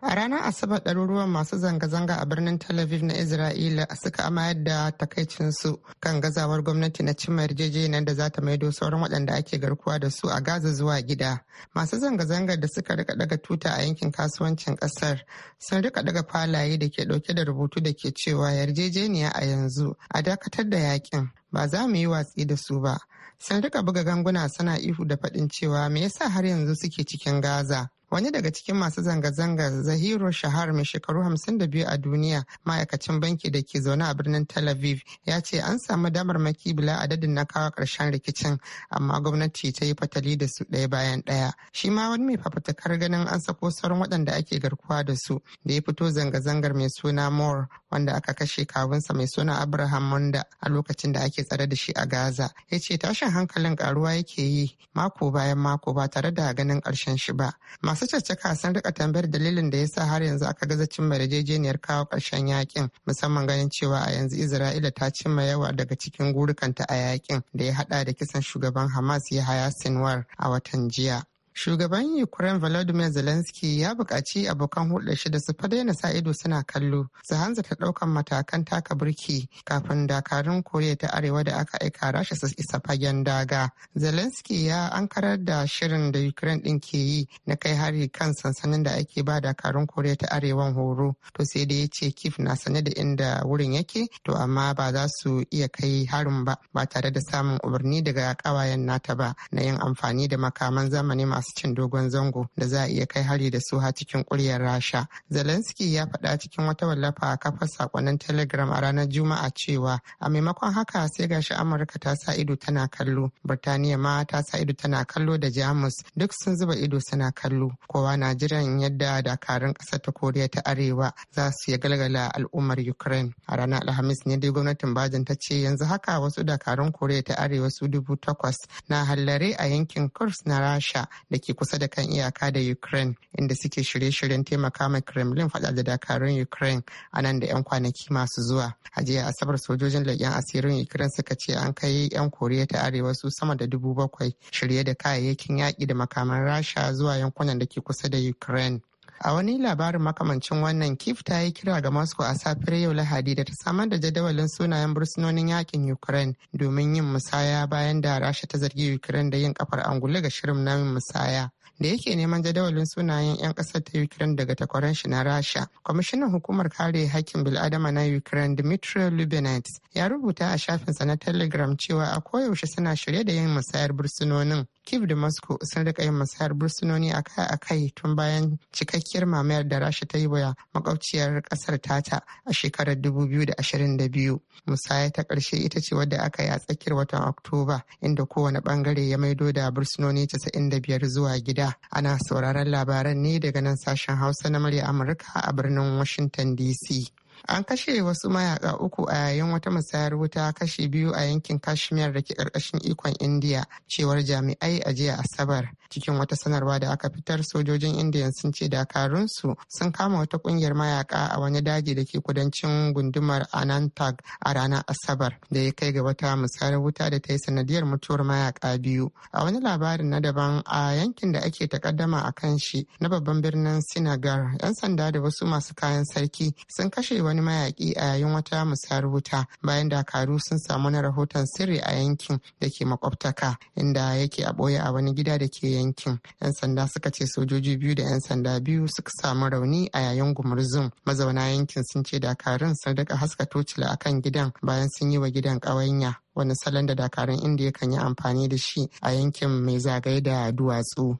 a ranar asabar ɗaruruwan masu zanga-zanga a birnin tel aviv na isra'ila suka amayar da takaicinsu kan gazawar gwamnati na cimma yarjejeniyar da za ta maido sauran waɗanda ake garkuwa da su a gaza zuwa gida masu zanga-zangar da suka rika daga tuta a yankin kasuwancin ƙasar sun rika daga falaye da ke ɗauke da rubutu da ke cewa yarjejeniya a yanzu a dakatar da yakin ba za mu yi watsi da su ba sun rika buga ganguna suna ihu da faɗin cewa me yasa har yanzu suke cikin gaza Wani daga cikin masu zanga zanga Zahiru Shahar mai shekaru 52 a duniya ma'aikacin banki da ke zaune a birnin Tel Aviv ya ce an samu damarmaki bila adadin na kawo ƙarshen rikicin amma gwamnati ta yi fatali da su ɗaya bayan ɗaya. Shi ma wani mai fafatakar ganin an sako sauran waɗanda ake garkuwa da su da ya fito zanga-zangar mai suna Moore wanda aka kashe kawunsa mai suna Abraham Munda a lokacin da ake tsare da shi a Gaza. Ya ce tashin hankalin karuwa yake yi mako bayan mako ba tare da ganin karshen shi ba. Masu caccaka sun rika tambayar dalilin da ya sa har yanzu aka gaza cimma yarjejeniyar kawo ƙarshen yakin musamman ganin cewa a yanzu Isra'ila ta cimma yawa daga cikin gurukanta a yakin da ya hada da kisan shugaban Hamas ya haya Sinwar a watan jiya. Shugaban Ukraine Volodymyr Zelensky ya buƙaci abokan hulɗar shi da su fa daina sa ido suna kallo su hanza ta ɗaukan matakan taka birki kafin dakarun Koriya ta Arewa da aka aika rasha su isa fagen daga. Zelensky ya ankarar da shirin da Ukraine ɗin ke yi na kai hari kan sansanin da ake ba dakarun Koriya ta Arewan horo. To sai da ya ce Kif na sane da inda wurin yake to amma ba za su iya kai harin ba ba tare da samun umarni daga ƙawayen nata ba na yin amfani da makaman zamani masu masu cin dogon zango da za a iya kai hari da su ha cikin kuryar rasha zelensky ya faɗa cikin wata wallafa a kafar sakonnin telegram a ranar juma'a cewa a maimakon haka sai gashi amurka ta sa ido tana kallo birtaniya ma ta sa ido tana kallo da jamus duk sun zuba ido suna kallo kowa na jiran yadda dakarun ƙasar ta koriya ta arewa za su ya galgala al'ummar ukraine a ranar alhamis ne dai gwamnatin bajin ta ce yanzu haka wasu dakarun koriya ta arewa su dubu takwas na hallare a yankin kurs na rasha da da ke kusa da kan iyaka da Ukraine inda suke shirye-shiryen taimaka ma Kremlin faɗa da dakarun Ukraine a nan da 'yan kwanaki masu zuwa. A jiya Asabar sojojin leƙen asirin Ukraine suka ce an kai 'yan Koriya ta Arewa su sama da dubu bakwai shirye da kayayyakin yaƙi da makaman Rasha zuwa yankunan da ke kusa da Ukraine. A wani labarin makamancin wannan Kif ta yi kira ga Moscow a safiyar yau Lahadi da ta samar da jadawalin sunayen bursunonin yakin Ukraine domin yin musaya bayan da Rasha ta zargi Ukraine da yin kafar angulu ga shirin na musaya. da yake neman jadawalin sunayen 'yan kasar ta ukraine daga takwaran shi na rasha kwamishinan hukumar kare hakkin bil'adama na ukraine dmitry lubinets ya rubuta a shafinsa na telegram cewa a koyaushe suna shirye da yin musayar bursunonin Kiev da Moscow sun rika yin musayar bursunoni a kai tun bayan cikakkiyar mamayar da Rasha ta yi wa makwabciyar kasar tata a shekarar 2022. Musaya ta ƙarshe ita ce wadda aka yi a tsakiyar watan Oktoba inda kowane bangare ya maido da bursunoni 95 zuwa gida. Ana sauraron labaran ne daga nan sashen Hausa na murya Amurka a birnin Washington DC. an kashe wasu mayaka uku a yayin wata musayar wuta kashe biyu a yankin kashmir da ke karkashin ikon indiya cewar jami'ai a jiya asabar cikin wata sanarwa da aka fitar sojojin indiya sun ce dakarunsu sun kama wata kungiyar mayaka a wani daji da ke kudancin gundumar anantag a ranar asabar da ya kai ga wata musayar wuta da ta yi sanadiyar mutuwar mayaka biyu a wani labarin na daban a yankin da ake takaddama a kan shi na babban birnin sinagar 'yan sanda da wasu masu kayan sarki sun kashe wani wani mayaƙi a yayin wata musayar wuta bayan dakaru sun samu na rahoton sirri a yankin da ke makwabtaka inda yake a ɓoye a wani gida da ke yankin. 'Yan sanda suka ce sojoji biyu da 'yan sanda biyu suka samu rauni a yayin gumurzun. Mazauna yankin sun ce dakarun sun daga haska tocila akan gidan bayan sun yi wa gidan ƙawanya. wani salon da dakarun inda kan yi amfani da shi a yankin mai zagaye da duwatsu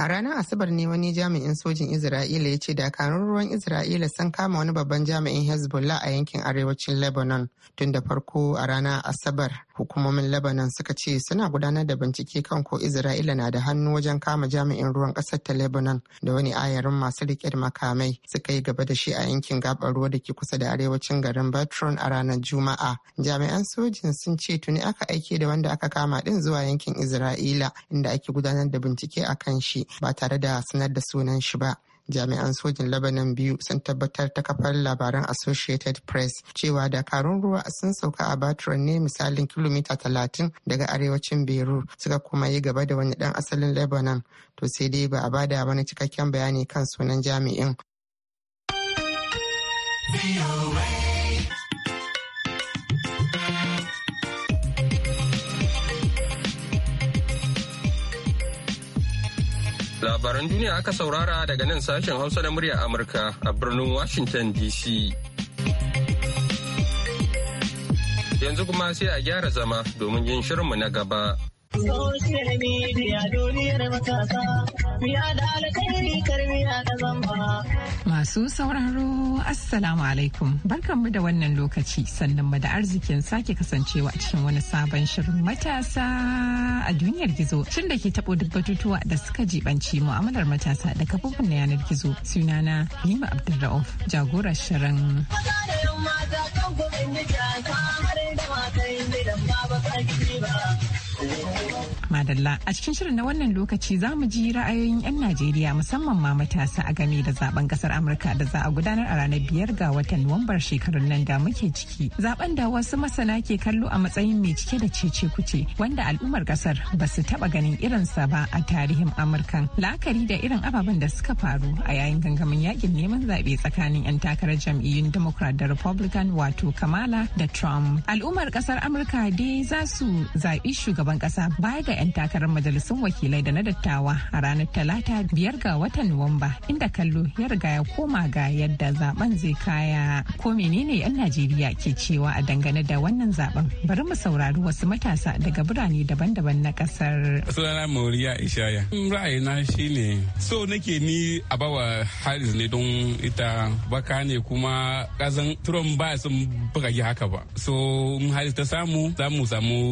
A ranar Asabar ne wani jami'in sojin Isra'ila ya ce dakarun ruwan Isra'ila sun kama wani babban jami'in Hezbollah a yankin arewacin Lebanon tun da farko a ranar Asabar hukumomin lebanon suka ce suna gudanar da bincike kan ko isra'ila na da hannu wajen kama jami'in ruwan ƙasar ta lebanon da wani ayarin masu riƙe makamai suka yi gaba da shi a yankin gabar ruwa da ke kusa da arewacin garin batron a ranar juma'a jami'an sojin sun ce tuni aka aike da wanda aka kama din zuwa yankin isra'ila inda ake gudanar da bincike a kan shi ba tare da sanar da sunan shi ba jami'an sojin lebanon biyu sun tabbatar ta kafar labaran associated press cewa dakarun ruwa sun sauka a batron ne misalin kilomita talatin daga arewacin beru suka kuma yi gaba da wani dan asalin lebanon to sai dai ba a bada wani cikakken bayani kan sunan jami'in. Labaran duniya aka saurara daga nan sashen Hausa da murya Amurka a birnin Washington DC. Yanzu kuma sai a gyara zama domin yin shirinmu na gaba. Masu sauraro, Assalamu alaikum, mu da wannan lokaci sannan da arzikin sake kasancewa cikin wani sabon shirin matasa a duniyar gizo. Shin da ke taɓo duk batutuwa da suka jibanci mu'amalar matasa da kafofin na yanar gizo. Sunana Lima Abdulra'uf, jagorar shirin. Mata da mata kan gurin da Ta har da mata yin ba ba ba ba. Madalla a cikin shirin na wannan lokaci za mu ji ra'ayoyin 'yan Najeriya musamman ma matasa a game da zaben kasar Amurka da za a gudanar a ranar biyar ga watan Nuwambar shekarun nan da muke ciki. Zaben da wasu masana ke kallo a matsayin mai cike da cece kuce wanda al'ummar kasar ba su taba ganin irinsa ba a tarihin Amurkan. La'akari da irin ababen da suka faru a yayin gangamin yakin neman zaɓe tsakanin 'yan takarar jam'iyyun Democrat da Republican wato Kamala da Trump. Al'ummar kasar Amurka dai za su zaɓi shugaban kasa baya da 'yan takarar majalisun wakilai da na dattawa a ranar talata biyar ga watan nuwamba inda kallo ya riga ya koma ga yadda zaben zai kaya ko menene 'yan najeriya ke cewa a dangane da wannan zaben bari mu saurari wasu matasa daga birane daban-daban na kasar sunana moriya ishaya ra'ayina shine so nake ni a bawa haris ne don ita baka ne kuma kazan trump ba sun buga haka ba so haris ta samu za samu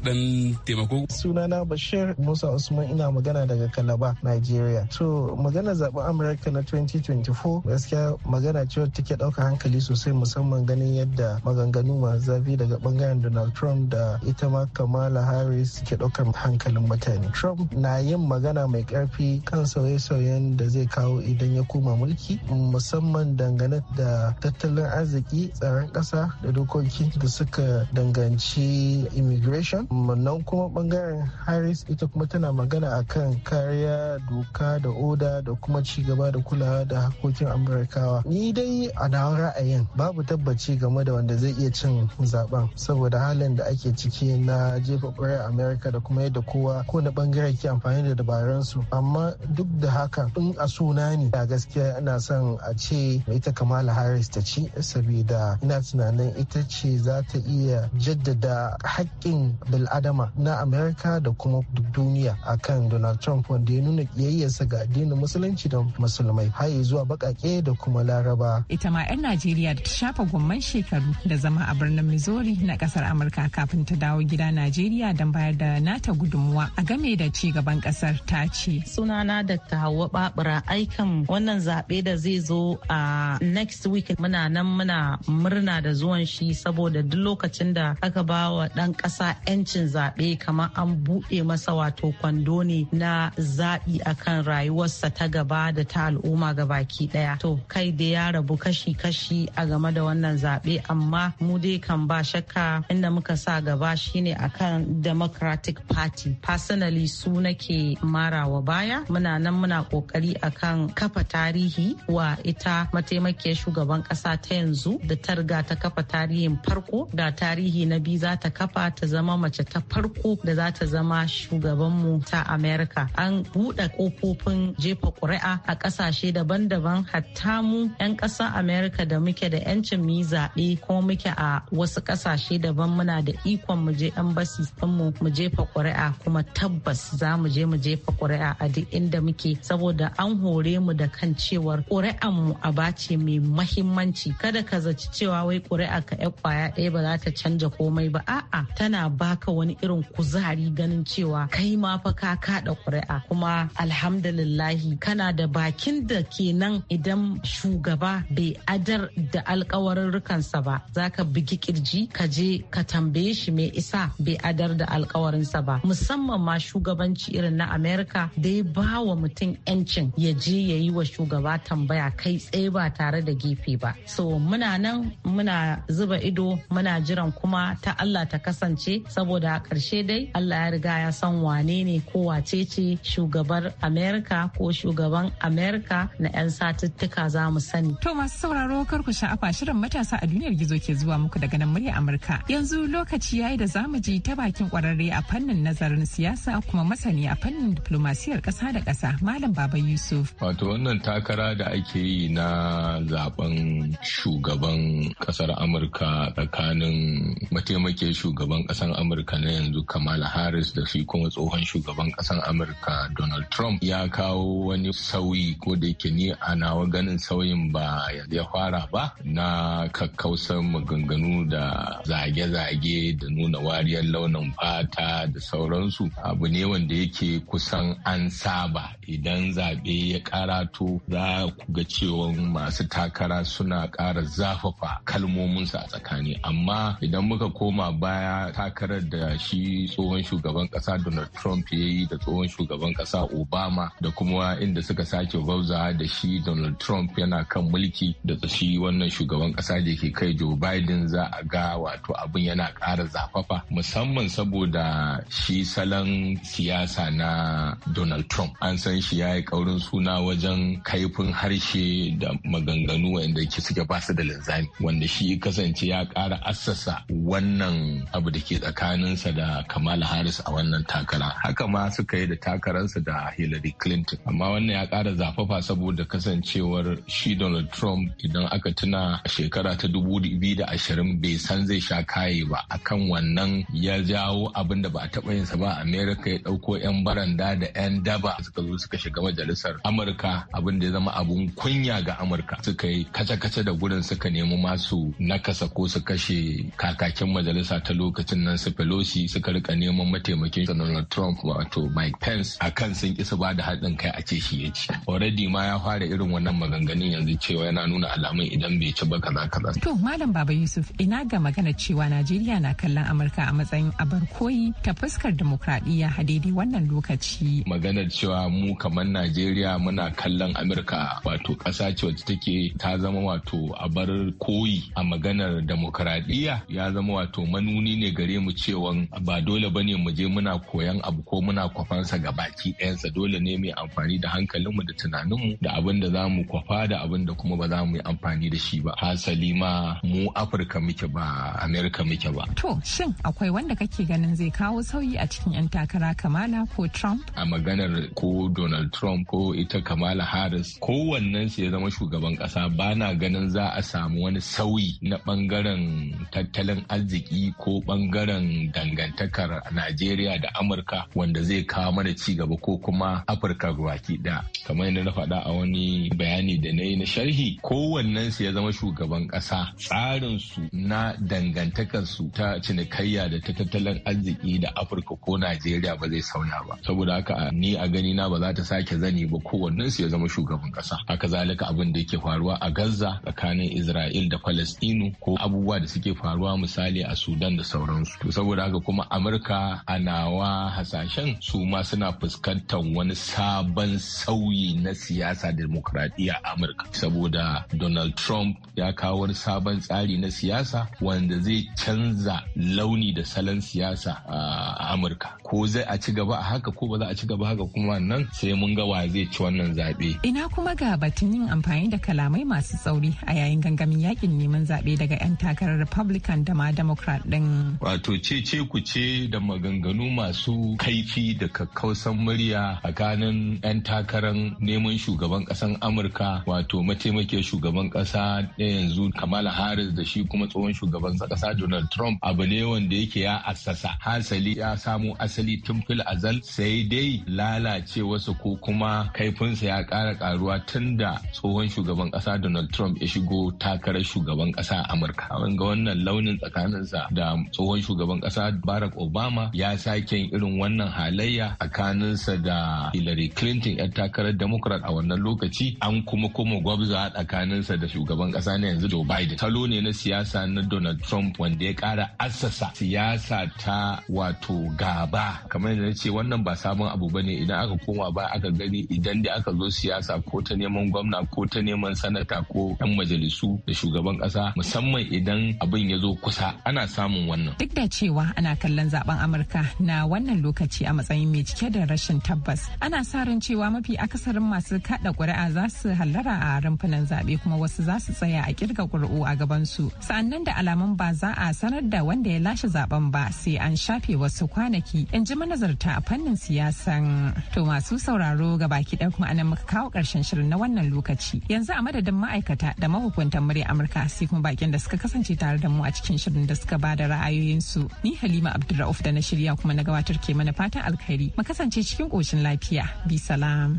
dan taimako sunana sunana Bashir Musa Usman ina magana daga Kalaba, Nigeria. To magana zaɓen Amurka na 2024 gaskiya magana ce wacce take ɗauka hankali sosai musamman ganin yadda maganganu ma zafi daga bangaren Donald Trump da ita ma Kamala Harris ke ɗaukar hankalin mutane. Trump na yin magana mai ƙarfi kan sauye-sauyen da zai kawo idan ya koma mulki musamman dangane da tattalin arziki tsaron ƙasa da dokoki da suka danganci immigration. Nan kuma bangaren harris ita kuma tana magana akan kariya doka da oda da kuma cigaba da kulawa da hakokin amurkawa ni dai a nawa ra'ayin babu tabbaci game da wanda zai iya cin zaben saboda halin da ake ciki na jefa ƙwarar amerika da kuma yadda kowa ko na bangare ke amfani da dabaransu amma duk da haka in a suna ne a gaskiya ina son a ce ita kamala harris ta ci saboda ina tunanin ita ce za ta iya jaddada haƙƙin bil'adama na amerika da da kuma duniya kan Donald Trump wanda ya nuna kiyayyarsa ga addinin musulunci da musulmai har zuwa bakake da kuma laraba. Ita ma 'yan Najeriya da ta shafa gomman shekaru da zama a birnin Missouri na kasar Amurka kafin ta dawo gida Najeriya don bayar da nata gudunmuwa a game da ci gaban kasar ta ce. Sunana da Hauwa Babura aikan wannan zaɓe da zai zo a next week muna nan muna murna da zuwan shi saboda duk lokacin da aka ba wa ɗan ƙasa 'yancin zaɓe kamar an buɗe buɗe masa wato kwando ne na zaɓi akan rayuwarsa ta gaba da ta al'umma ga baki ɗaya to kai da ya rabu kashi-kashi a game da wannan zaɓe amma mu dai kan ba shakka inda muka sa gaba shine akan democratic party personally su nake marawa baya muna nan muna kokari akan kafa tarihi wa ita mataimakiyar shugaban ƙasa ta yanzu da ta riga ta kafa tarihin farko da tarihi na biyu za ta kafa ta zama mace ta farko da za ta zama zama mu ta Amerika. An buɗe ƙofofin jefa ƙuri'a a ƙasashe daban-daban hatta mu 'yan ƙasar Amerika da muke da 'yancin mu zaɓe ko muke a wasu ƙasashe daban muna da ikon mu je embassy ɗinmu mu jefa ƙuri'a kuma tabbas za mu je mu jefa ƙuri'a a duk inda muke saboda an hore mu da kan cewar ƙuri'an mu a bace mai mahimmanci kada ka zaci cewa wai ƙuri'a ka 'yan kwaya ɗaya ba za ta canja komai ba a'a tana baka wani irin kuzari ganin ganin cewa kai ma fa ka kada ƙuri'a kuma alhamdulillahi kana da bakin da ke nan idan shugaba bai adar da alkawarurrukansa ba za ka bugi kirji ka je ka tambaye shi mai isa bai adar da alkawarinsa ba musamman ma shugabanci irin na amerika da ya ba wa mutum yancin ya je ya yi wa shugaba tambaya kai tsaye ba tare da gefe ba so muna nan muna zuba ido muna jiran kuma ta allah ta kasance saboda a ƙarshe dai allah ya riga riga ya san wane ne ko wace ce shugabar amerika ko shugaban amerika na 'yan satuttuka za mu sani to masu sauraro kar ku sha'afa shirin matasa a duniyar gizo ke zuwa muku daga nan murya amurka yanzu lokaci yayi da zamu ji ta bakin kwararre a fannin nazarin siyasa kuma masani a fannin diplomasiyar kasa da kasa malam baba yusuf wato wannan takara da ake yi na zaben shugaban kasar amurka tsakanin mataimake shugaban kasar amurka na yanzu kamala harris da shi kuma tsohon shugaban ƙasar amurka donald trump ya kawo wani sauyi ko da yake ni a nawa ganin sauyin ba ya fara ba na kakkausan maganganu da zage-zage da nuna wariyar launin fata da sauransu abu ne wanda yake kusan an saba idan zaɓe ya karato za ku ga cewon masu takara suna ƙara zafafa kalmominsu a tsakani amma idan muka koma baya takarar da shi tsohon shugaban kasa Donald Trump ya yi da tsohon shugaban kasa Obama da kuma inda suka sake bauza da shi Donald Trump yana kan mulki da shi wannan shugaban kasa da ke kai Joe Biden za a ga wato abin yana ƙara zafafa musamman saboda shi salon siyasa na Donald Trump an san shi ya yi ƙaurin suna wajen kaifin harshe da maganganu wanda suke basu da linzami wanda shi kasance ya ƙara assasa wannan abu da ke tsakaninsa da Kamala Harris a wannan takara haka ma suka yi da takararsa da hillary clinton amma wannan ya kara zafafa saboda kasancewar shi donald trump idan aka tuna shekara ta da ashirin bai san zai sha kaye ba akan wannan ya jawo abin da ba a taɓa yinsa ba america ya ɗauko 'yan baranda da 'yan daba suka zo suka shiga majalisar amurka abin da ya zama abun kunya ga amurka suka yi kaca-kaca da gurin suka nemi masu nakasa ko su kashe kakakin majalisa ta lokacin nan su pelosi suka rika neman mataimaka mataimakin Donald Trump wato Mike Pence a kan sun isa ba da haɗin kai a ce shi ya ci. Already ma ya fara irin wannan maganganun yanzu cewa yana nuna alamun idan bai ci ba kaza kaza. To Malam Baba Yusuf ina ga magana cewa Najeriya na kallon Amurka a matsayin abar koyi ta fuskar demokradiyya a daidai wannan lokaci. Maganar cewa mu kamar Najeriya muna kallon Amurka wato ƙasa ce wacce take ta zama wato abar koyi a maganar demokradiyya ya zama wato manuni ne gare mu cewa ba dole bane mu je muna koyan abu ko muna kwafansa ga baki ɗayansa dole ne mai amfani da hankalinmu da tunaninmu da abin da za mu kwafa da abin da kuma ba za mu yi amfani da shi ba hasali ma mu afirka muke ba amerika muke ba to shin akwai wanda kake ganin zai kawo sauyi a cikin 'yan takara kamala ko trump a maganar ko donald trump ko ita kamala harris kowannen su ya zama shugaban kasa ba na ganin za a samu wani sauyi na bangaren tattalin arziki ko bangaren dangantakar najeriya Najeriya da Amurka wanda zai kawo mana ci gaba ko kuma Afirka baki ɗaya. Kamar yadda na faɗa a wani bayani da na yi na sharhi kowannen su ya zama shugaban ƙasa tsarin su na dangantakar su ta cinikayya da ta tattalin arziki da Afirka ko Najeriya ba zai sauna ba. Saboda haka ni a gani na ba za ta sake zani ba kowannen su ya zama shugaban ƙasa. Haka zalika abin da yake faruwa a Gaza tsakanin Isra'il da Falastinu ko abubuwa da suke faruwa misali a Sudan da sauransu. To saboda haka kuma Amurka ana. nawa hasashen su ma suna fuskantar wani sabon sauyi na siyasa demokradiyya a Amurka saboda Donald Trump ya kawo wani sabon tsari na siyasa wanda zai canza launi da salon siyasa a Amurka ko zai a ci gaba a haka ko ba za a ci gaba haka kuma nan sai mun ga wa zai ci wannan zaɓe. Ina kuma ga batun yin amfani da kalamai masu tsauri a yayin gangamin yakin neman zaɓe daga 'yan takarar Republican da ma Democrat din. Wato ce ce ku ce da maganganu maganganu masu kaifi da kakkausan murya a kanin 'yan takarar neman shugaban ƙasan amurka wato mataimake shugaban ƙasa na yanzu kamala harris da shi kuma tsohon shugaban kasa donald trump abu ne wanda yake ya assasa hasali ya samo asali tun fil azal sai dai lalace wasu ko kuma kaifinsa ya ƙara ƙaruwa tun da tsohon shugaban ƙasa donald trump ya shigo takarar shugaban ƙasa amurka wannan launin tsakaninsa da tsohon shugaban ƙasa barack obama ya sa sake irin wannan halayya tsakaninsa da Hillary Clinton 'yan takarar Democrat a wannan lokaci an kuma kuma gwabza tsakaninsa da shugaban kasa na yanzu Joe Biden. Salo ne na siyasa na Donald Trump wanda ya kara assasa siyasa ta wato gaba kamar yadda ce wannan ba sabon abu ba ne idan aka koma ba aka gani idan da aka zo siyasa ko ta neman gwamna ko ta neman sanata ko 'yan majalisu da shugaban kasa musamman idan abin ya zo kusa ana samun wannan. Duk da cewa ana kallon zaben Amurka na wannan lokaci a matsayin mai cike da rashin tabbas. Ana sa ran cewa mafi akasarin masu kada ƙuri'a za su hallara a rumfunan zaɓe kuma wasu za su tsaya a kirga ƙuri'u a gaban gabansu. Sa'annan da alamun ba za a sanar da wanda ya lashe zaben ba sai an shafe wasu kwanaki in ji manazarta a fannin siyasan. To masu sauraro ga baki ɗaya kuma anan muka kawo ƙarshen shirin na wannan lokaci. Yanzu a madadin ma'aikata da mahukuntan murya Amurka sai kuma bakin da suka kasance tare da mu a cikin shirin da suka ba da ra'ayoyinsu. Ni Halima Abdulrauf da na shirya kuma kuma na gabatar ke mana fatan alkhairi mu kasance cikin koshin lafiya bi salam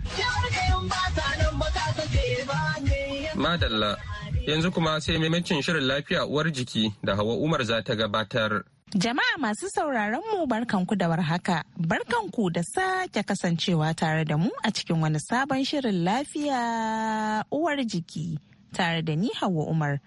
madalla yanzu kuma sai maimacin shirin lafiya uwar jiki da hawa umar za ta gabatar Jama'a masu sauraron mu barkanku da warhaka, barkanku da sake kasancewa tare da mu a cikin wani sabon shirin lafiya uwar jiki tare da ni hawa Umar.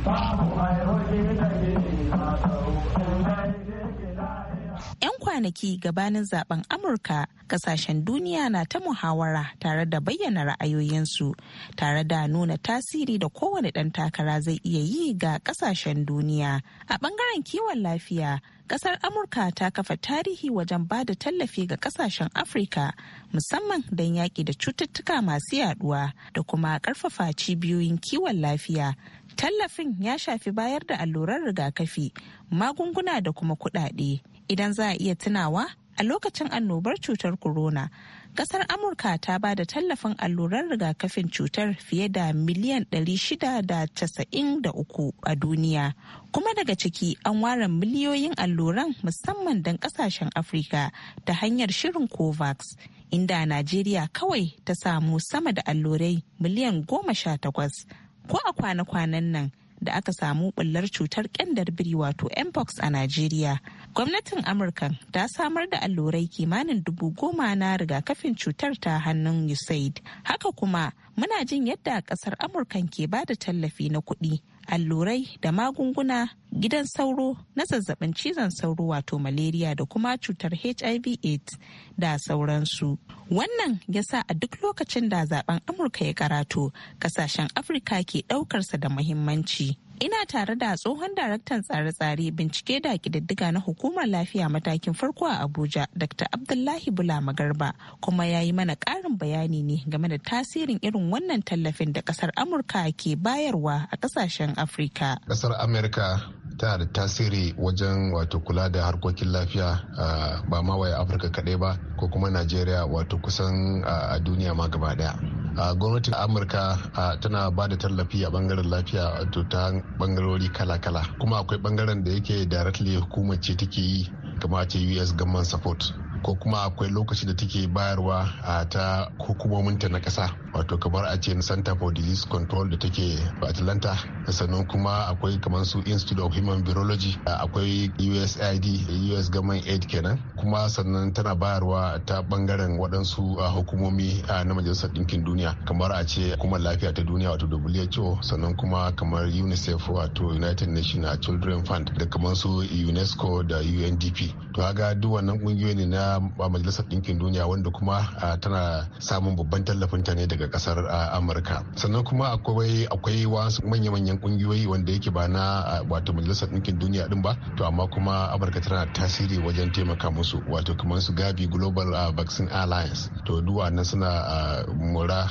'Yan kwanaki gabanin zaben Amurka kasashen duniya na ta muhawara tare da bayyana ra'ayoyinsu tare da nuna tasiri da kowane ɗan takara zai iya yi ga kasashen duniya. A ɓangaren kiwon lafiya, ƙasar amurka ta kafa tarihi wajen ba da tallafi ga kasashen Afrika, musamman don yaƙi da cututtuka masu yaduwa da kuma ƙarfafa cibiyoyin kiwon lafiya Tallafin ya shafi bayar da allurar rigakafi, magunguna da kuma kuɗaɗe. Idan za a iya tunawa, a lokacin annobar cutar corona, kasar Amurka ta ba da tallafin allurar rigakafin cutar fiye da miliyan 693 a duniya. Kuma daga ciki an ware miliyoyin alluran musamman don kasashen Afirka ta hanyar shirin COVAX. inda Najeriya kawai ta samu sama da allurai miliyan goma sha takwas ko a kwana-kwanan nan da aka samu bullar cutar kyandar biri wato mpox a najeriya gwamnatin amurka ta samar da allurai kimanin dubu goma na rigakafin cutar ta hannun usaid haka kuma muna jin yadda ƙasar amurkan ke ba da tallafi na kuɗi allurai da magunguna gidan sauro na zazzabin cizon sauro wato malaria da kuma cutar hiv aids da sauransu wannan ya sa a duk lokacin da zaben amurka ya karato kasashen afirka ke daukarsa da muhimmanci ina tare da tsohon daraktan tsare-tsare bincike da kididdiga na hukumar lafiya matakin farko a abuja dr abdullahi bula magarba kuma ya yi mana ƙarin bayani ne game da tasirin irin wannan tallafin da ƙasar amurka ke bayarwa a ƙasashen afirka Ƙasar amurka tana da tasiri wajen wato kula da harkokin lafiya ba ma afirka kaɗai ba ko kuma najeriya wato kusan a duniya ma gaba daya gwamnatin amurka tana ba da tallafi a bangaren lafiya ta bangarori kala-kala kuma akwai bangaren da yake directly hukumar ce take yi kama ce us government support ko kuma akwai lokaci da take bayarwa a ta hukumominta na kasa, wato kamar a ce center for disease control da take atlanta sannan kuma akwai kamar su institute of human virology akwai usaid us government aid kenan kuma sannan tana bayarwa ta bangaren waɗansu hukumomi na majalisar ɗinkin duniya kamar a ce kuma lafiya ta duniya wato who sannan kuma kamar unicef wato united nations children fund da kamar su unesco da undp to haga duk wannan ƙungiyoyi ne na na majalisar ɗinkin duniya wanda kuma tana samun babban tallafin ta ne daga kasar amurka sannan kuma akwai akwai wasu manya-manyan kungiyoyi wanda yake ba na wato majalisar dinkin duniya din ba to amma kuma amurka tana tasiri wajen taimaka musu wato kamar su gabi global vaccine alliance to duwa nan suna mura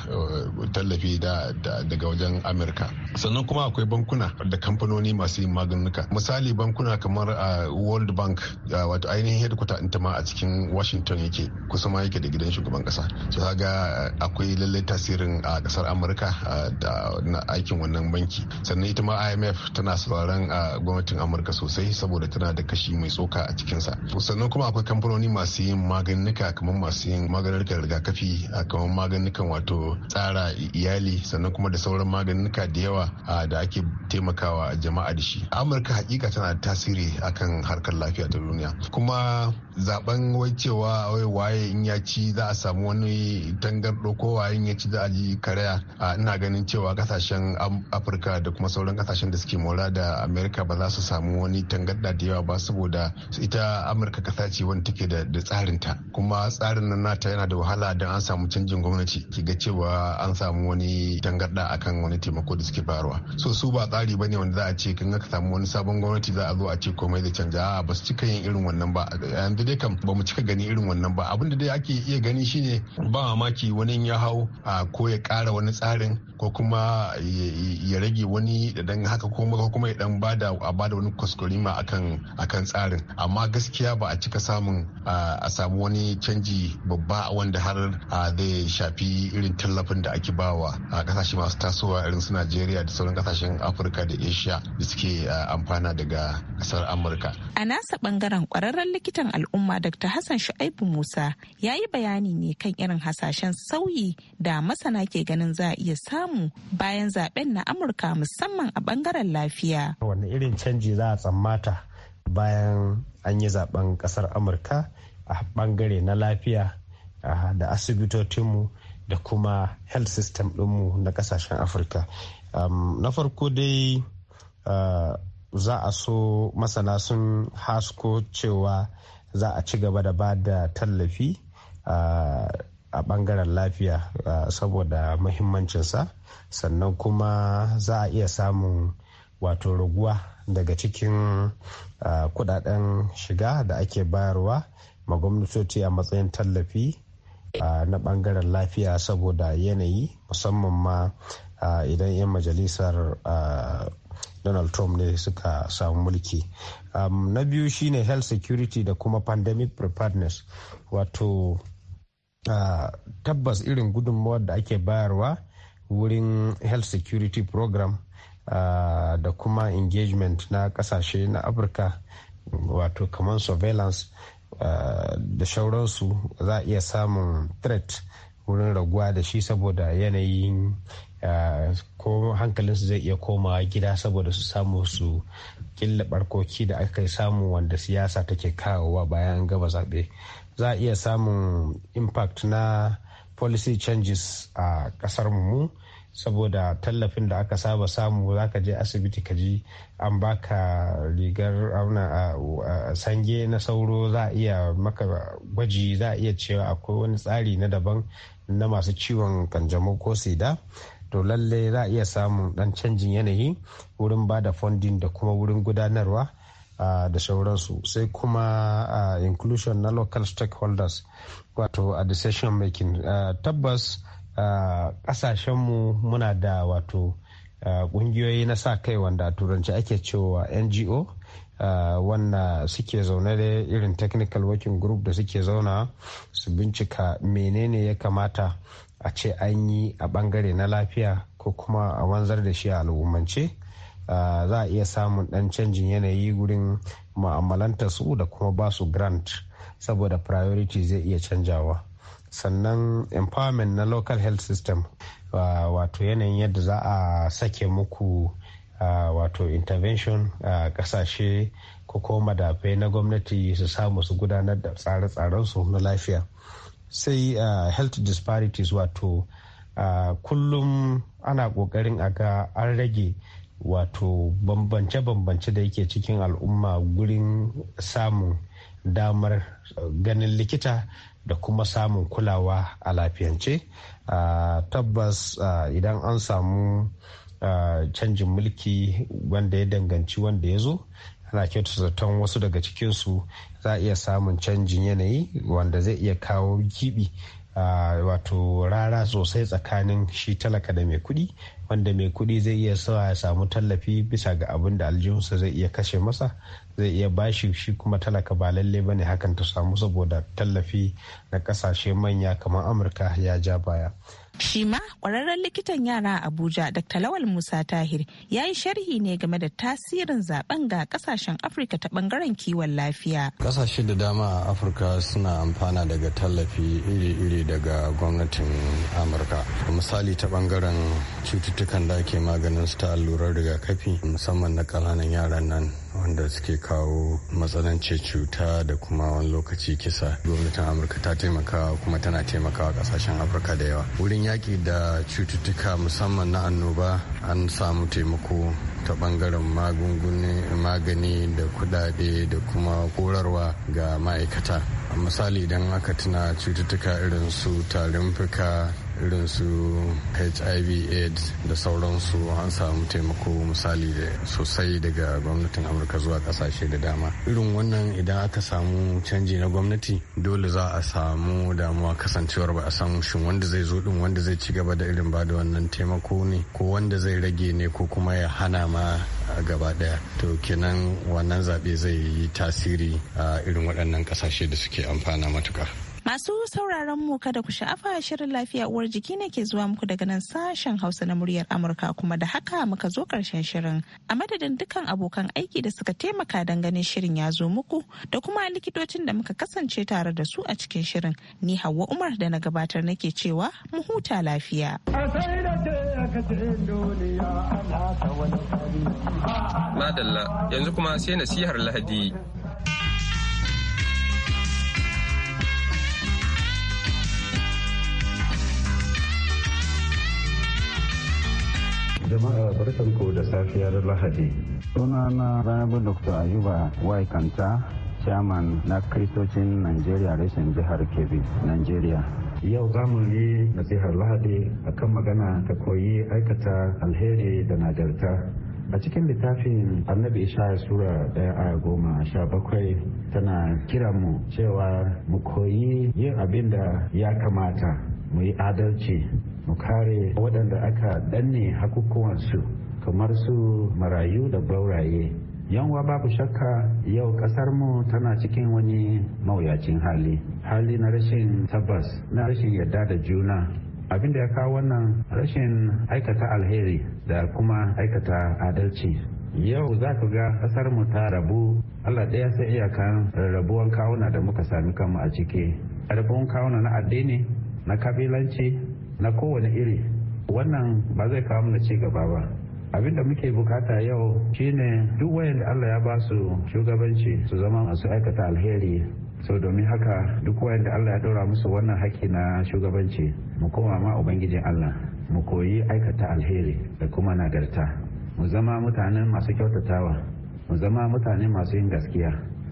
tallafi daga wajen amurka sannan kuma akwai bankuna da kamfanoni masu yin maganuka misali bankuna kamar world bank wato ainihin headquarter ta ma a cikin washington yake kusa ma yake da gidan shugaban kasa so kaga eh, akwai lallai tasirin a kasar amurka eh, da aikin wannan banki sannan ita ma imf tana sauraron a eh, gwamnatin amurka sosai saboda tana da kashi mai tsoka a cikinsa sannan kuma akwai kamfanoni masu yin maganinka kamar masu yin maganin rigakafi kamar maganinkan wato tsara iyali sannan kuma da sauran maganinka da yawa da ake taimakawa jama'a da shi amurka hakika tana tasiri akan harkar lafiya ta duniya kuma zaben wai cewa waye in ya ci za a samu wani tangardo ko waye in ya ci za a ji karaya ina ganin cewa kasashen afirka da kuma sauran kasashen da suke mora da amerika ba za su samu wani tangarda da yawa ba saboda ita amurka kasa ce wani take da tsarin ta kuma tsarin nan nata yana da wahala don an samu canjin gwamnati ki ga cewa an samu wani tangarda akan wani taimako da suke faruwa so su ba tsari bane wanda za a ce kan ka samu wani sabon gwamnati za a zo a ce komai da canja a ba su cika yin irin wannan ba yanzu dai kam ba mu cika gani irin wannan ba abinda dai ake iya gani shine ba mamaki wani ya hau ko ya kara wani tsarin ko kuma ya rage wani dan haka ko kuma ya dan bada a bada wani kuskurima akan akan tsarin amma gaskiya ba a cika samun a samu wani canji babba wanda har zai shafi irin tallafin da ake bawa a kasashe masu tasowa irin su Najeriya da sauran kasashen Afirka da Asia da suke amfana daga kasar Amurka. A nasa bangaren kwararren likitan al'umma Dr. Hassan Shu'aibu Musa ya yi bayani ne kan irin hasashen sauyi da masana ke ganin za a iya samu samu bayan zaben na amurka musamman a bangaren lafiya wani irin canji za a tsammata bayan an yi zaben kasar amurka a bangare na lafiya da asibitotinmu da kuma health system ɗinmu na kasashen afirka um, na farko dai uh, za a so masana sun hasko cewa za a ci gaba da ba da tallafi uh, a bangaren lafiya uh, saboda muhimmancinsa sannan kuma za a iya samun wato raguwa daga cikin kudaden shiga da ake bayarwa ma gwamnatoci a matsayin tallafi na bangaren lafiya saboda yanayi musamman ma idan 'yan majalisar donald trump ne suka samu mulki um, na biyu shine health security da kuma pandemic preparedness wato uh, tabbas irin gudunmawar da ake bayarwa wurin health security program uh, da kuma engagement na kasashe na afirka wato kamar surveillance uh, da shauransu za a iya samun threat wurin raguwa da shi saboda yanayin uh, ko hankalinsu zai iya komawa gida saboda su samu su killa barkoki da aka samu wanda siyasa take kawowa bayan gaba zaɓe za a iya samun impact na policy changes a kasar mu saboda tallafin da aka saba samu za ka je asibiti ka ji an baka rigar auna a sange na sauro za a iya maka gwaji za a iya cewa akwai wani tsari na daban na masu ciwon kanjamau ko sida to lalle za a iya samun dan canjin yanayi wurin ba da funding da kuma wurin gudanarwa da sauransu sai kuma inclusion na local stakeholders wato a decision making tabbas kasashenmu muna da wato kungiyoyi na sa kai wanda a turanci ake cewa ngo Wannan suke zaune da irin technical working group da suke zauna su bincika menene ya kamata a ce an yi a bangare na lafiya ko kuma a wanzar da shi a al'ummance za a iya samun ɗan canjin yanayi gurin ma'amalanta su da kuma ba su grant saboda priority zai iya canjawa sannan empowerment na local health system wato yanayin yadda za a sake muku wato intervention a kasashe ko kuma madafai na gwamnati su samu su gudanar da tsare su na lafiya sai health disparities wato kullum ana kokarin a ga an rage wato bambance-bambance da yake cikin al'umma gurin samun damar uh, ganin likita da kuma samun kulawa a lafiyance uh, tabbas uh, idan an samu canjin mulki wanda ya danganci wanda ya zo ana kyautata zaton wasu daga cikinsu za a iya samun canjin yanayi wanda zai iya kawo gibi wato rara sosai tsakanin shi talaka da mai kuɗi wanda mai kuɗi zai iya sawa ya samu tallafi bisa ga abin da aljihunsa zai iya kashe masa zai iya bashi shi kuma talaka ba lalle bane hakan ta samu saboda tallafi na ƙasashe manya kamar amurka ya ja baya Shi ma ƙwararren likitan yara a Abuja Dr. Lawal Musa Tahir ya yi sharhi ne game da tasirin zaben ga kasashen Afirka ta bangaren kiwon lafiya. Kasashe da dama a Afirka suna amfana daga tallafi iri-iri daga gwamnatin Amurka. Misali ta bangaren cututtukan da ake maganin su ta allurar rigakafi musamman na kananan yaran nan wanda suke kawo matsananci cuta da kuma wani lokaci kisa. Gwamnatin Amurka ta taimaka kuma tana taimakawa kasashen Afirka da yawa. Wurin yaƙi da cututtuka musamman na annoba an samu taimako ta bangaren magani da kuɗaɗe da kuma korarwa ga ma'aikata misali idan aka tuna cututtuka irin su tarin fuka irin su hiv aids da sauransu an samu taimako misali da sosai daga gwamnatin amurka zuwa kasashe da dama irin wannan idan aka samu canji na gwamnati dole za a samu damuwa kasancewar ba a san shin wanda zai zo din wanda zai ci gaba da irin ba da wannan taimako ne ko wanda zai rage ne ko kuma ya hana ma gaba daya to kenan wannan zaɓe zai yi tasiri a irin waɗannan ƙasashe da suke amfana matuƙa Masu sauraron mu kada ku sha'afa shirin lafiya uwar jiki ne ke zuwa muku daga nan sashen Hausa na muryar Amurka kuma da haka muka zo karshen shirin. A madadin dukkan abokan aiki da suka taimaka don ganin shirin ya zo muku da kuma likitocin da muka kasance tare da su a cikin shirin. Ni Hauwa Umar da na gabatar nake cewa mu huta lafiya. Madalla yanzu kuma sai nasihar Lahadi. Jama'a barkanku da safiyar Lahadi. Sunana Rabu Dr. Ayuba Waikanta, Chairman na Kristocin nigeria rashin jihar Kebbi, nigeria. Yau za mu yi nasihar Lahadi a kan magana ta koyi aikata alheri da nagarta. a cikin littafin annabi ishaya sura daya a goma sha bakwai tana kira mu cewa mu koyi yin abin da ya kamata mu yi adalci mu kare waɗanda aka danne hakukuwansu kamar su marayu da bauraye yanwa babu shakka yau ƙasar mu tana cikin wani mawuyacin hali hali na rashin tabbas na rashin yarda da juna abin da ya kawo wannan rashin aikata alheri da kuma aikata adalci yau za ku ga ƙasar mu ta rabu allah ɗaya sai iyakan rarrabuwan kawuna da muka sami kanmu a ciki rabuwan kawuna na addini na kabilanci na kowane iri wannan ba zai kawo mana ci gaba ba abin da muke bukata yau shine duk wayanda Allah ya ba su shugabanci su zama masu aikata alheri sau domin haka duk wayanda Allah ya daura musu wannan haƙƙi na shugabanci mu koma ma ubangijin Allah mu koyi aikata alheri da kuma nagarta mu zama mutane masu kyautatawa mu zama mutane masu yin gaskiya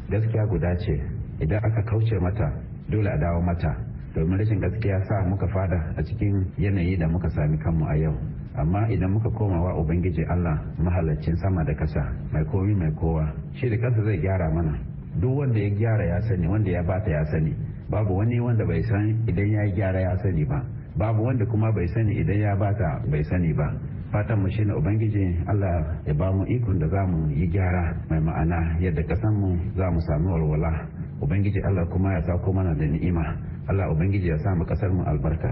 gaskiya guda ce idan aka kauce mata dole a dawo mata domin rashin gaskiya sa muka fada a cikin yanayi da muka sami kanmu a yau amma idan muka koma wa ubangiji allah mahalaccin sama da kasa mai komi mai kowa shi da kansa zai gyara mana duk wanda ya gyara ya sani wanda ya bata ya sani babu wani wanda bai san idan ya gyara ya sani ba babu wanda kuma bai sani idan ya bata bai sani ba fatan mu shine ubangiji Allah ya ba mu ikon da zamu yi gyara mai ma'ana yadda kasanmu mu za mu sami walwala ubangiji allah kuma ya sako mana da ni'ima allah ubangiji ya sa mu kasar mu albarka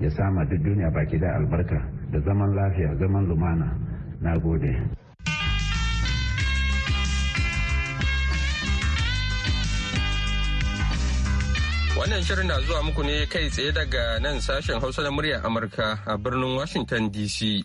ya sama duk duniya baki da albarka da zaman lafiya zaman lumana na gode Wannan shirin na zuwa muku ne kai tsaye daga nan sashen Hausa na murya Amurka a birnin Washington DC